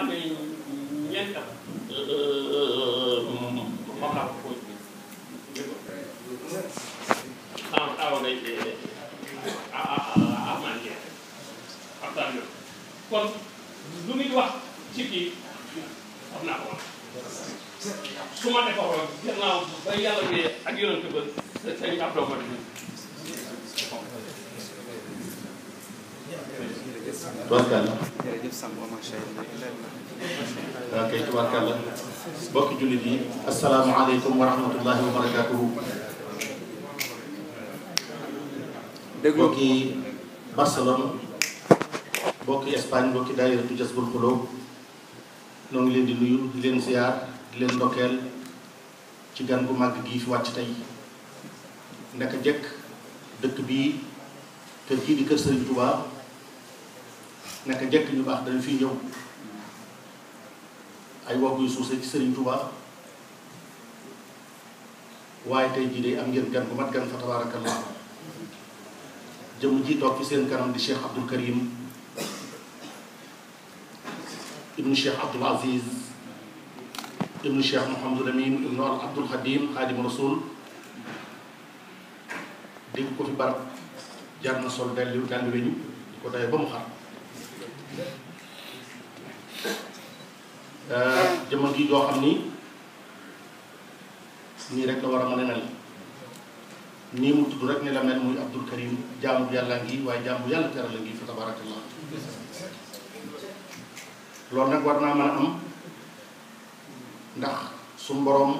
amee ñeent am. moom moo xam ko bi. ah awa day ah ah ah maa kon lu muy wax ci kii xam naa ko wax. su ma defaroon gannaaw ba yàlla ne ak yonent ba sa sañ ab doomu tubarkàlla ok tubarkàlla mbokki jullit yi asalaamaaleykum wa rahmatullahi wa barakaatuhu mbokki Barcelone mbokki Espagne mbokki daayira tu Jazbul Qulub noo ngi leen di nuyu di leen ziar di leen ndokkeel ci gan bu màgg gii fi wàcc tey ndaka jëkk dëkk bii kër gii di kër Sëriñ Tuubaa naka njëkk ñu baax dañ fi ñëw ay wagg yu suuse ci Sëriñ Tuubaa waaye tey jii de am ngeen gan bu mat gan fa tabaarakallah jëm ji toog ci seen kanam di Cheikh Abdou Karim ibnu Cheikh Abdoul Aziz ibnu Cheikh Mouhamadul Amin ibnu Abdoul Khadim Xaadim Rasul dégg ko fi barab jar na sol dellu dàll weñu di ko day ba mu xar Euh, jëmm ji joo xam ni nii rek la war a mën a mel nii mu tudd rek ni la mel muy Abdul Karim jaamu bu yàlla ngi waaye jaamu yàlla teral la ngi fa tabarakallah loolu nag war naa mën am ndax su boroom